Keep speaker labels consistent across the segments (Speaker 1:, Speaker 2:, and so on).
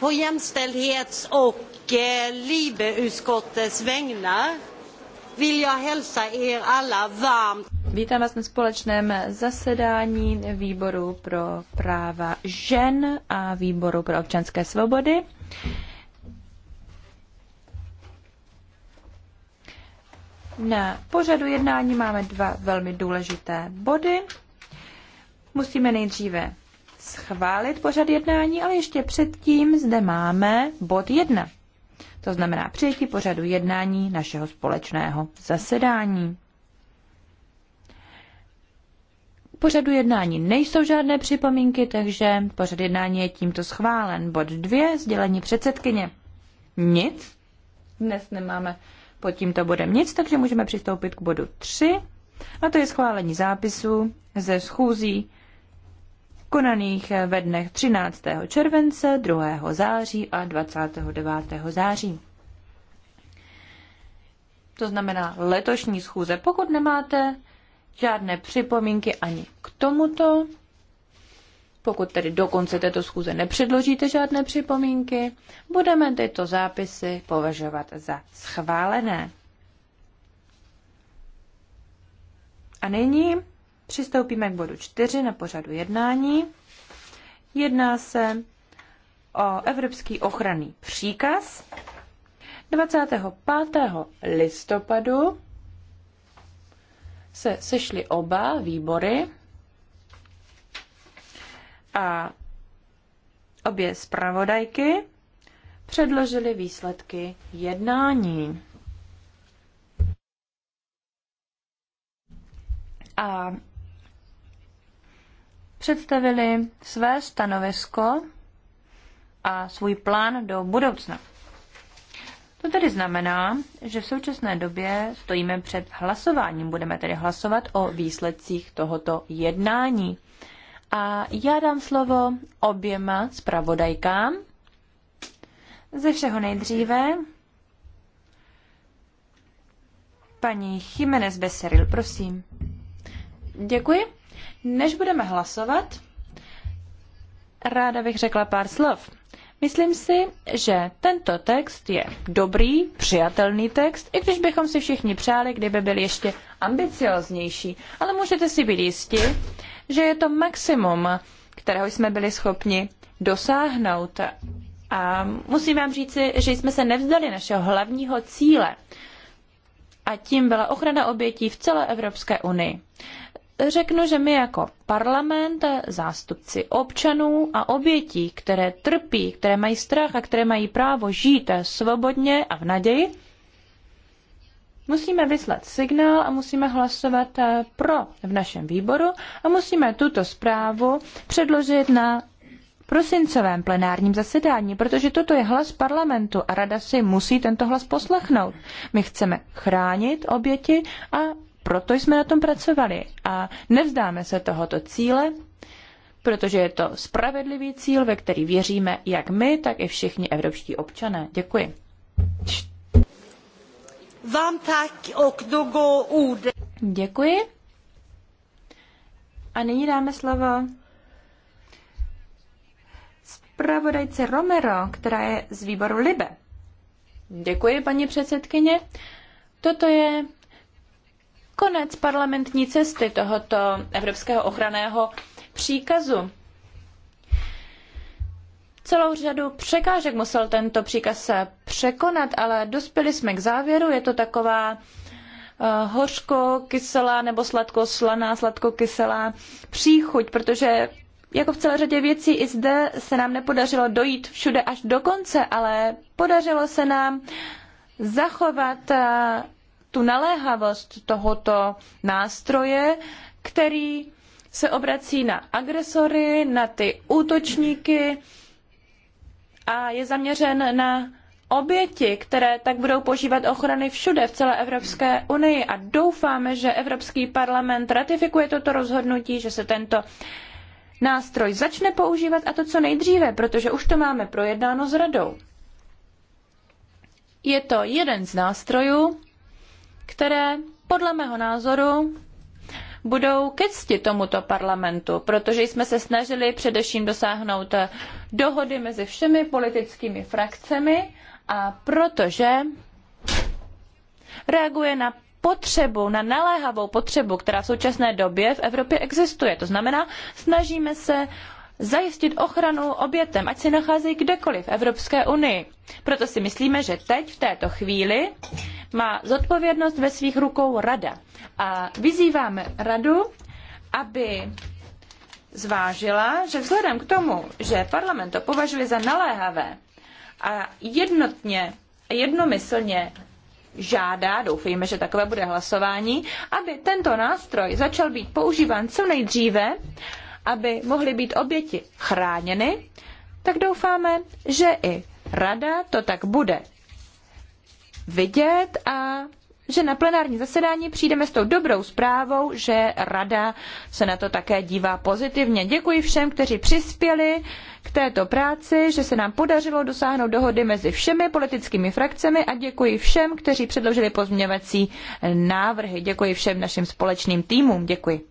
Speaker 1: på jämställdhets och eh, LIBE-utskottets vägnar vill jag hälsa er alla varmt.
Speaker 2: Vítám vás na společném zasedání výboru pro práva žen a výboru pro občanské svobody. Na pořadu jednání máme dva velmi důležité body. Musíme nejdříve schválit pořad jednání, ale ještě předtím zde máme bod 1. To znamená přijetí pořadu jednání našeho společného zasedání. pořadu jednání nejsou žádné připomínky, takže pořad jednání je tímto schválen. Bod dvě, sdělení předsedkyně. Nic. Dnes nemáme pod tímto bodem nic, takže můžeme přistoupit k bodu 3. A to je schválení zápisu ze schůzí konaných ve dnech 13. července, 2. září a 29. září. To znamená letošní schůze. Pokud nemáte žádné připomínky ani k tomuto, pokud tedy do konce této schůze nepředložíte žádné připomínky, budeme tyto zápisy považovat za schválené. A nyní Přistoupíme k bodu 4 na pořadu jednání. Jedná se o Evropský ochranný příkaz. 25. listopadu se sešly oba výbory a obě zpravodajky předložily výsledky jednání. A představili své stanovisko a svůj plán do budoucna. To tedy znamená, že v současné době stojíme před hlasováním. Budeme tedy hlasovat o výsledcích tohoto jednání. A já dám slovo oběma zpravodajkám. Ze všeho nejdříve paní Jiménez Beseril, prosím. Děkuji. Než budeme hlasovat, ráda bych řekla pár slov. Myslím si, že tento text je dobrý, přijatelný text, i když bychom si všichni přáli, kdyby byl ještě ambicioznější. Ale můžete si být jisti, že je to maximum, kterého jsme byli schopni dosáhnout. A musím vám říci, že jsme se nevzdali našeho hlavního cíle. A tím byla ochrana obětí v celé Evropské unii řeknu, že my jako parlament, zástupci občanů a obětí, které trpí, které mají strach a které mají právo žít svobodně a v naději, musíme vyslat signál a musíme hlasovat eh, pro v našem výboru a musíme tuto zprávu předložit na prosincovém plenárním zasedání, protože toto je hlas parlamentu a rada si musí tento hlas poslechnout. My chceme chránit oběti a proto jsme na tom pracovali a nevzdáme se tohoto cíle, protože je to spravedlivý cíl, ve který věříme jak my, tak i všichni evropští občané. Děkuji.
Speaker 1: Vám tak okdogo úde.
Speaker 2: Děkuji. A nyní dáme slovo zpravodajce Romero, která je z výboru Libe. Děkuji, paní předsedkyně. Toto je konec parlamentní cesty tohoto evropského ochranného příkazu. Celou řadu překážek musel tento příkaz překonat, ale dospěli jsme k závěru. Je to taková eh, hořko, kyselá nebo sladko slaná, sladko kyselá příchuť, protože jako v celé řadě věcí i zde se nám nepodařilo dojít všude až do konce, ale podařilo se nám zachovat eh, tu naléhavost tohoto nástroje, který se obrací na agresory, na ty útočníky a je zaměřen na oběti, které tak budou požívat ochrany všude v celé Evropské unii a doufáme, že Evropský parlament ratifikuje toto rozhodnutí, že se tento nástroj začne používat a to co nejdříve, protože už to máme projednáno s radou. Je to jeden z nástrojů, které podle mého názoru budou ke cti tomuto parlamentu, protože jsme se snažili především dosáhnout dohody mezi všemi politickými frakcemi a protože reaguje na potřebu, na naléhavou potřebu, která v současné době v Evropě existuje. To znamená, snažíme se zajistit ochranu obětem, ať se nacházejí kdekoliv v Evropské unii. Proto si myslíme, že teď, v této chvíli, má zodpovědnost ve svých rukou Rada. A vyzýváme Radu, aby zvážila, že vzhledem k tomu, že parlament to považuje za naléhavé a jednotně, jednomyslně žádá, doufejme, že takové bude hlasování, aby tento nástroj začal být používán co nejdříve aby mohly být oběti chráněny, tak doufáme, že i rada to tak bude vidět a že na plenární zasedání přijdeme s tou dobrou zprávou, že rada se na to také dívá pozitivně. Děkuji všem, kteří přispěli k této práci, že se nám podařilo dosáhnout dohody mezi všemi politickými frakcemi a děkuji všem, kteří předložili pozměňovací návrhy. Děkuji všem našim společným týmům. Děkuji.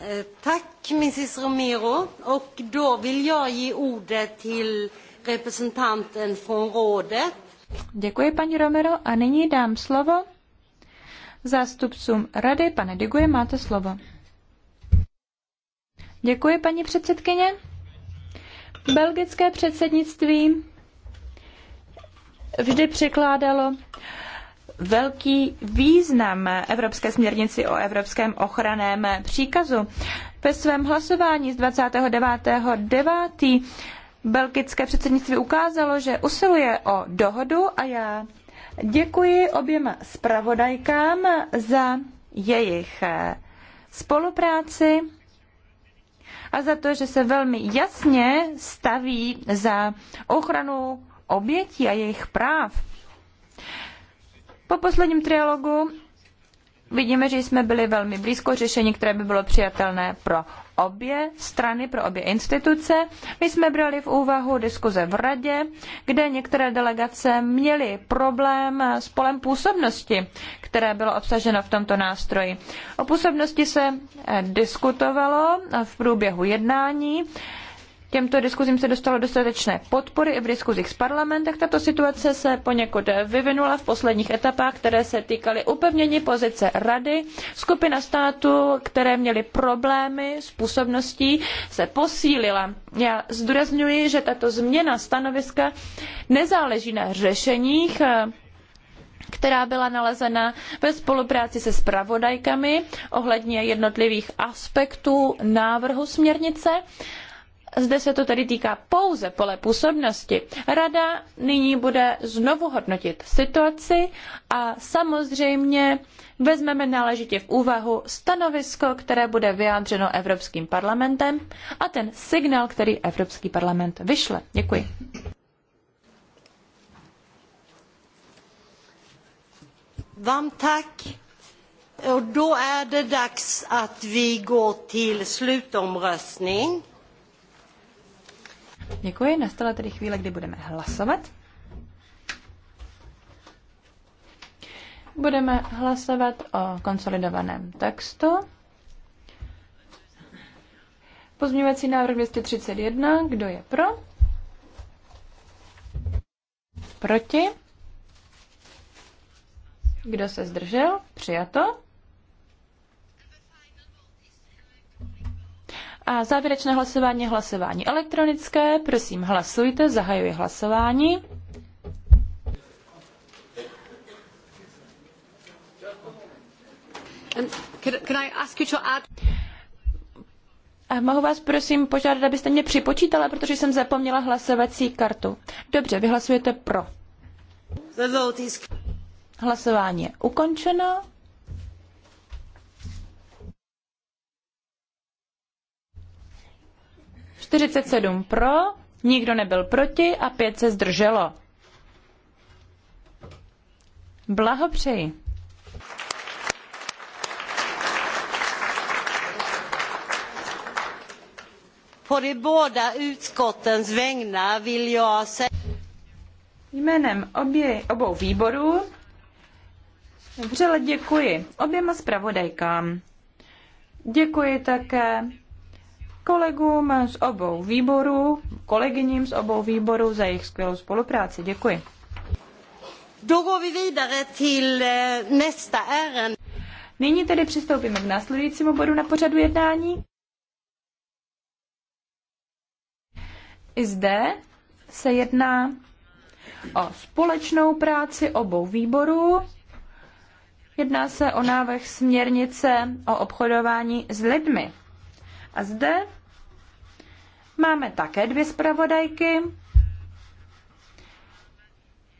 Speaker 1: Eh, tack, Mrs Romero. Och då vill jag ge ordet till representanten från rådet.
Speaker 2: Děkuji, paní Romero. A nyní dám slovo zástupcům rady. Pane Diguje, máte slovo. Děkuji, paní předsedkyně. Belgické předsednictví vždy překládalo velký význam Evropské směrnici o Evropském ochraném příkazu. Ve svém hlasování z 29.9. belgické předsednictví ukázalo, že usiluje o dohodu a já děkuji oběma zpravodajkám za jejich eh, spolupráci a za to, že se velmi jasně staví za ochranu obětí a jejich práv. Po posledním trialogu vidíme, že jsme byli velmi blízko řešení, které by bylo přijatelné pro obě strany, pro obě instituce. My jsme brali v úvahu diskuze v radě, kde některé delegace měly problém s polem působnosti, které bylo obsaženo v tomto nástroji. O působnosti se eh, diskutovalo v průběhu jednání těmto diskuzím se dostalo dostatečné podpory i v diskuzích s Parlamentem. Tato situace se poněkud vyvinula v posledních etapách, které se týkaly upevnění pozice rady. Skupina států, které měly problémy s působností, se posílila. Já zdůrazňuji, že tato změna stanoviska nezáleží na řešeních která byla nalezena ve spolupráci se spravodajkami ohledně jednotlivých aspektů návrhu směrnice, zde se to tedy týká pouze pole působnosti. Rada nyní bude znovu hodnotit situaci a samozřejmě vezmeme náležitě v úvahu stanovisko, které bude vyjádřeno Evropským parlamentem a ten signál, který Evropský parlament vyšle. Děkuji.
Speaker 1: Vám tak. Då är det dags att vi går till slutomröstning.
Speaker 2: Děkuji. Nastala tedy chvíle, kdy budeme hlasovat. Budeme hlasovat o konsolidovaném textu. Pozměňovací návrh 231. Kdo je pro? Proti? Kdo se zdržel? Přijato. A závěrečné hlasování je hlasování elektronické. Prosím, hlasujte, zahajuji hlasování. A mohu vás prosím požádat, abyste mě připočítala, protože jsem zapomněla hlasovací kartu. Dobře, vyhlasujete pro. Hlasování je ukončeno. 47 pro, nikdo nebyl proti a 5 se zdrželo.
Speaker 1: Blahopřeji. Jménem obě, obou výborů
Speaker 2: vřele děkuji oběma zpravodajkám. Děkuji také kolegů, z obou výborů, kolegyním z obou výborů za jejich skvělou spolupráci. Děkuji. Eh, Nyní tedy přistoupíme k následujícímu bodu na pořadu jednání. I zde se jedná o společnou práci obou výborů. Jedná se o návrh směrnice o obchodování s lidmi. A zde Máme také dvě zpravodajky.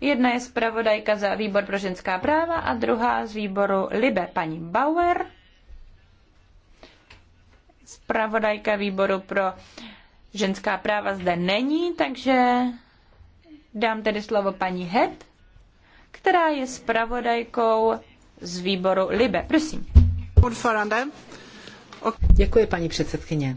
Speaker 2: Jedna je zpravodajka za výbor pro ženská práva a druhá z výboru Libe, paní Bauer. Zpravodajka výboru pro ženská práva zde není, takže dám tedy slovo paní Het, která je zpravodajkou z výboru Libe. Prosím. Děkuji, paní předsedkyně.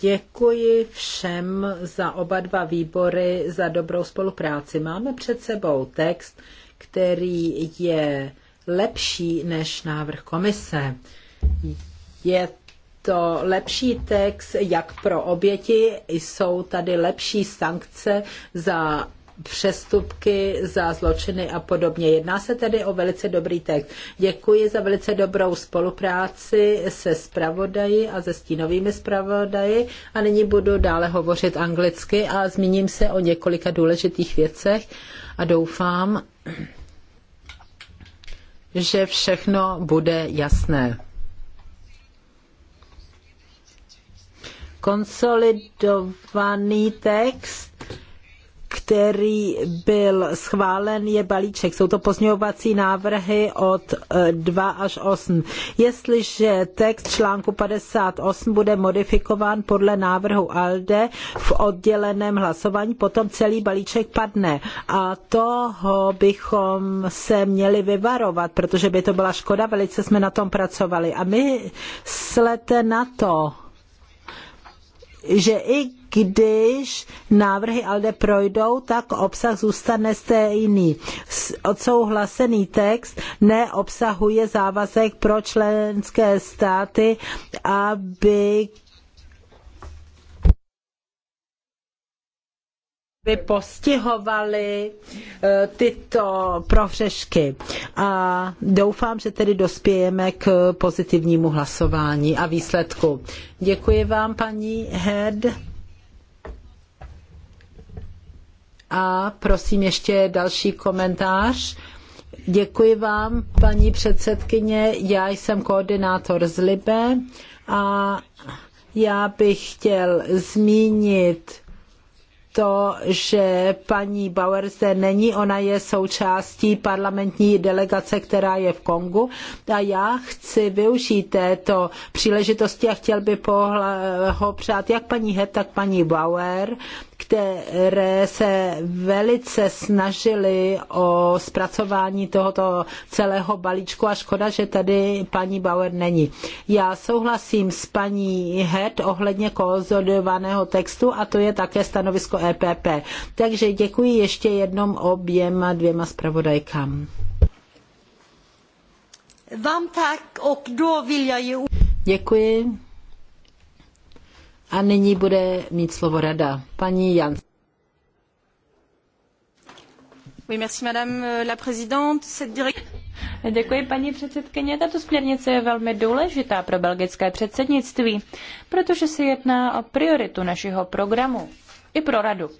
Speaker 3: Děkuji všem za oba dva výbory za dobrou spolupráci. Máme před sebou text, který je lepší než návrh komise. Je to lepší text jak pro oběti, jsou tady lepší sankce za přestupky, za zločiny a podobně. Jedná se tedy o velice dobrý text. Děkuji za velice dobrou spolupráci se zpravodaji a se stínovými zpravodaji a nyní budu dále hovořit anglicky a zmíním se o několika důležitých věcech a doufám, že všechno bude jasné. Konsolidovaný text který byl schválen, je balíček. Jsou to pozměňovací návrhy od 2 eh, až 8. Jestliže text článku 58 bude modifikován podle návrhu ALDE v odděleném hlasování, potom celý balíček padne. A toho bychom se měli vyvarovat, protože by to byla škoda, velice jsme na tom pracovali. A my slete na to, že i když návrhy ALDE projdou, tak obsah zůstane stejný. Odsouhlasený text neobsahuje závazek pro členské státy, aby by postihovaly e, tyto prohřešky. A doufám, že tedy dospějeme k pozitivnímu hlasování a výsledku. Děkuji vám, paní Head. A prosím ještě další komentář. Děkuji vám, paní předsedkyně. Já jsem koordinátor z Libe a já bych chtěl zmínit to, že paní Bauer zde není, ona je součástí parlamentní delegace, která je v Kongu. A já chci využít této příležitosti a chtěl bych ho přát jak paní Het, tak paní Bauer které se velice snažili o zpracování tohoto celého balíčku a škoda, že tady paní Bauer není. Já souhlasím s paní Head ohledně konzolidovaného textu a to je také stanovisko EPP. Takže děkuji ještě jednom oběma dvěma zpravodajkám.
Speaker 1: Vám tak, ok, do Děkuji. A nyní
Speaker 3: bude mít slovo rada. Paní Jan.
Speaker 2: Oui, merci, madame la présidente. Cette direct... Děkuji, paní předsedkyně. Tato směrnice je velmi důležitá pro belgické předsednictví, protože se jedná o prioritu našeho programu i pro radu.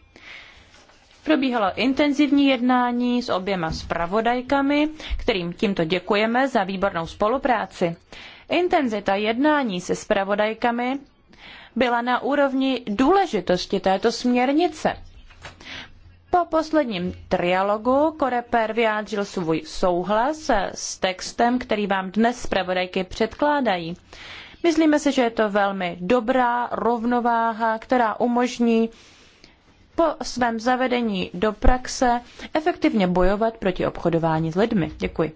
Speaker 2: Probíhalo intenzivní jednání s oběma zpravodajkami, kterým tímto děkujeme za výbornou spolupráci. Intenzita jednání se zpravodajkami byla na úrovni důležitosti této směrnice. Po posledním trialogu Koreper vyjádřil svůj souhlas s textem, který vám dnes zpravodajky předkládají. Myslíme si, že je to velmi dobrá rovnováha, která umožní po svém zavedení do praxe efektivně bojovat proti obchodování s lidmi. Děkuji.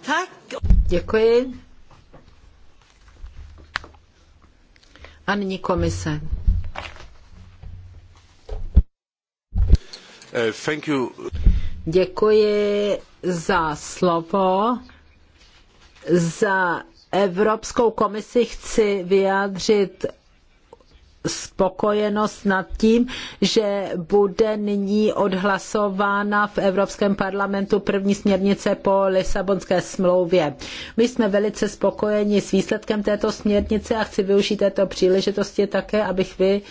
Speaker 2: Tak. Děkuji.
Speaker 3: A nyní komise.
Speaker 1: Uh, thank you.
Speaker 3: Děkuji za slovo. Za Evropskou komisi chci vyjádřit spokojenost nad tím, že bude nyní odhlasována v Evropském parlamentu první směrnice po Lisabonské smlouvě. My jsme velice spokojeni s výsledkem této směrnice a chci využít této příležitosti také, abych vy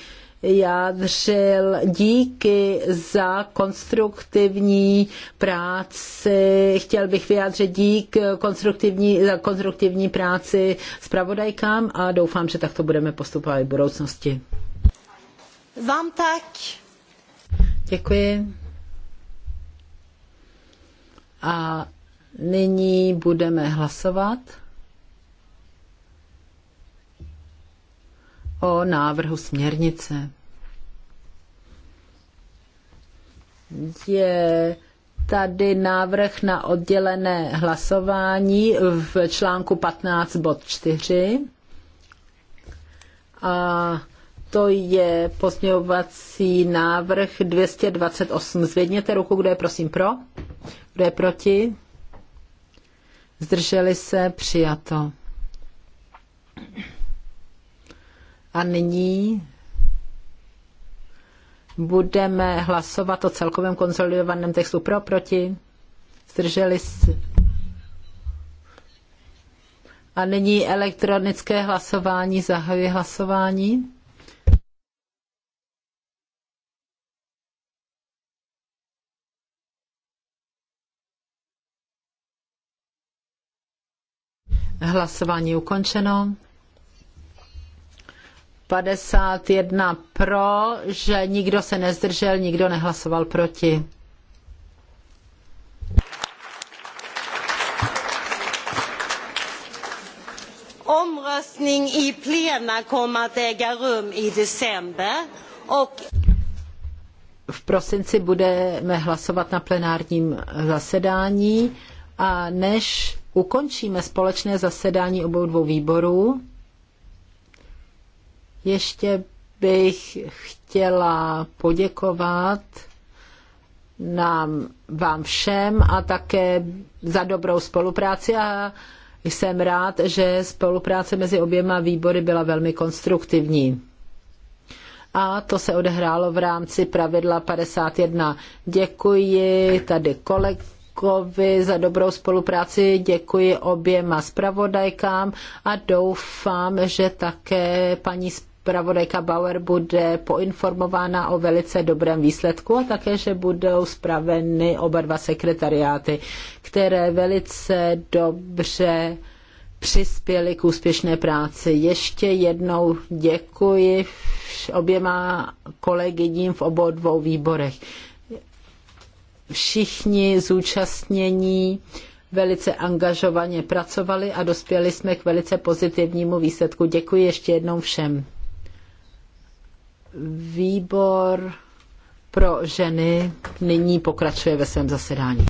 Speaker 3: jádřil díky za konstruktivní práci, chtěl bych vyjádřit dík konstruktivní, za konstruktivní práci s pravodajkám a doufám, že takto budeme postupovat i v budoucnosti. Vám tak. Děkuji. A nyní budeme hlasovat. o návrhu směrnice. Je tady návrh na oddělené hlasování v článku 15 bod 4. A to je pozměňovací návrh 228. Zvedněte ruku, kdo je prosím pro, kdo je proti. Zdrželi se, přijato. A nyní budeme hlasovat o celkovém konsolidovaném textu pro, proti. Zdrželi se. A nyní elektronické hlasování. zahajuje hlasování. Hlasování ukončeno. 51 pro, že nikdo se nezdržel, nikdo nehlasoval proti.
Speaker 1: Omröstning i plena kommer att äga rum i december. Och...
Speaker 3: V prosinci budeme hlasovat na plenárním zasedání a než ukončíme společné zasedání obou dvou výborů, ještě bych chtěla poděkovat nám, vám všem a také za dobrou spolupráci a jsem rád, že spolupráce mezi oběma výbory byla velmi konstruktivní. A to se odehrálo v rámci pravidla 51. Děkuji tady kolegovi za dobrou spolupráci, děkuji oběma zpravodajkám a doufám, že také paní zpravodajka zpravodajka Bauer bude poinformována o velice dobrém výsledku a také, že budou spraveny oba dva sekretariáty, které velice dobře přispěli k úspěšné práci. Ještě jednou děkuji oběma kolegyním v obou dvou výborech. Všichni zúčastnění velice angažovaně pracovali a dospěli jsme k velice pozitivnímu výsledku. Děkuji ještě jednou všem. Výbor pro ženy nyní pokračuje ve svém zasedání.